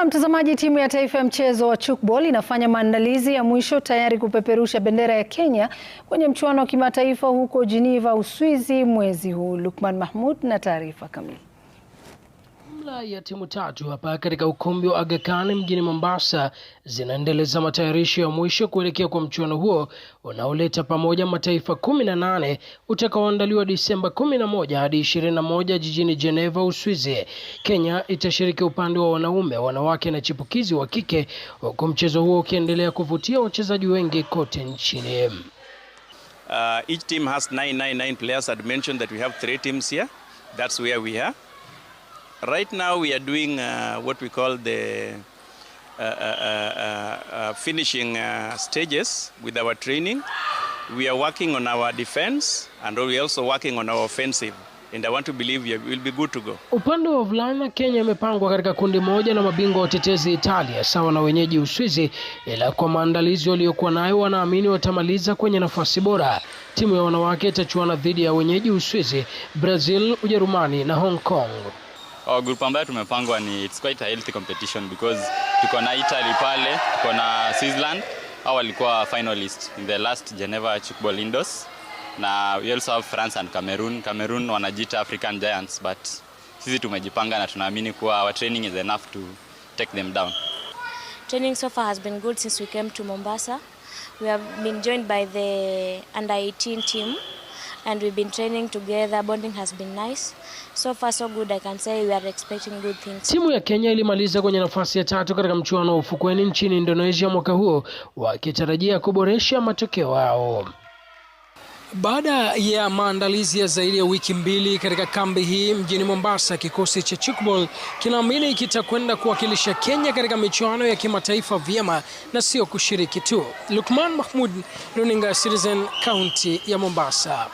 Na mtazamaji, timu ya taifa ya mchezo wa Chukball inafanya maandalizi ya mwisho tayari kupeperusha bendera ya Kenya kwenye mchuano wa kimataifa huko Geneva, Uswizi mwezi huu. Lukman Mahmud na taarifa kamili. Jumla ya timu tatu hapa katika ukumbi wa Aga Khan mjini Mombasa zinaendeleza matayarisho ya mwisho kuelekea kwa mchuano huo unaoleta pamoja mataifa kumi na nane utakaoandaliwa Disemba kumi na moja hadi ishirini na moja jijini Geneva, Uswizi. Kenya itashiriki upande wa wanaume, wanawake na chipukizi wa kike, huku mchezo huo ukiendelea kuvutia wachezaji wengi kote nchini. Uh, each team has 999 players. I'd mentioned that we have three teams here. That's where we are. Right now we are doing uh, what we call the uh, uh, uh, uh, finishing uh, stages with our training. We are working on our defense and we are also working on our offensive. And I want to believe we will be good to go. Upande wa vulana Kenya imepangwa katika kundi moja na mabingwa watetezi Italia sawa na wenyeji Uswizi, ila kwa maandalizi waliokuwa nayo wanaamini watamaliza kwenye nafasi bora. Timu ya wanawake itachuana dhidi ya wenyeji Uswizi, Brazil, Ujerumani na Hong Kong. Oh, group ambayo tumepangwa ni it's quite a healthy competition because tuko na Italy pale, tuko na Switzerland au walikuwa finalist in the last Geneva Chukball Indoors na we also have France and Cameroon. Cameroon wanajiita African Giants but sisi tumejipanga na tunaamini kuwa our training is enough to take them down. Training so far has been good since we came to Mombasa. We have been joined by the under 18 team and we've been training together. Bonding has been nice. So far so good. I can say we are expecting good things. Timu ya Kenya ilimaliza kwenye nafasi ya tatu katika mchuano wa ufukweni nchini Indonesia mwaka huo wakitarajia kuboresha matokeo yao. Baada ya maandalizi ya zaidi ya wiki mbili katika kambi hii mjini Mombasa, kikosi cha Chukball kinaamini kitakwenda kuwakilisha Kenya katika michuano ya kimataifa vyema na sio kushiriki tu. Lukman Mahmud, Runinga Citizen, kaunti ya Mombasa.